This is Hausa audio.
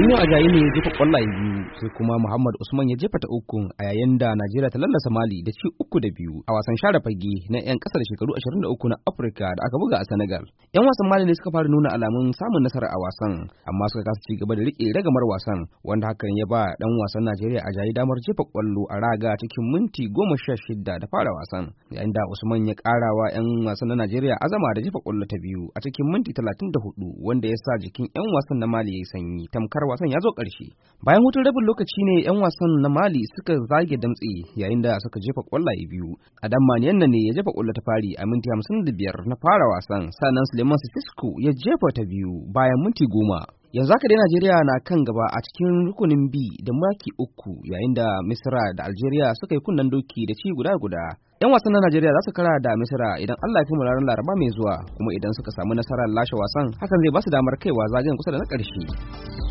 You a yayin ne ya jefa ƙwallaye biyu sai kuma Muhammad Usman ya jefa ta uku a yayin da Najeriya ta lallasa Mali da ci uku da biyu a wasan share fage na 'yan kasar shekaru 23 na Afirka da aka buga a Senegal. 'Yan wasan Mali ne suka fara nuna alamun samun nasara a wasan amma suka kasa ci gaba da riƙe ragamar wasan wanda hakan ya ba ɗan wasan Najeriya a jayi damar jefa ƙwallo a raga cikin minti goma sha shida da fara wasan yayin da Usman ya ƙarawa 'yan wasan na Najeriya azama da jefa ƙwallo ta biyu a cikin minti 34 wanda ya sa jikin 'yan wasan na Mali ya sanyi tamkar wasan ya zo ƙarshe. Bayan hutun rabin rabin lokaci ne 'yan wasan na Mali suka zage damtse yayin da suka jefa kwallaye biyu. Adam Maniyan ne ya jefa kwallo ta fari a minti 55 na fara wasan, sannan Suleiman Sisko ya jefa ta biyu bayan minti goma. yanzu haka dai najeriya na kan gaba a cikin rukunin b da maki uku yayin da misra da algeria suka yi kunnen doki da ci guda guda yan wasan na najeriya za su kara da misra idan allah ya mu ranar laraba mai zuwa kuma idan suka samu nasarar lashe wasan hakan zai ba su damar kaiwa zagayen kusa da na ƙarshe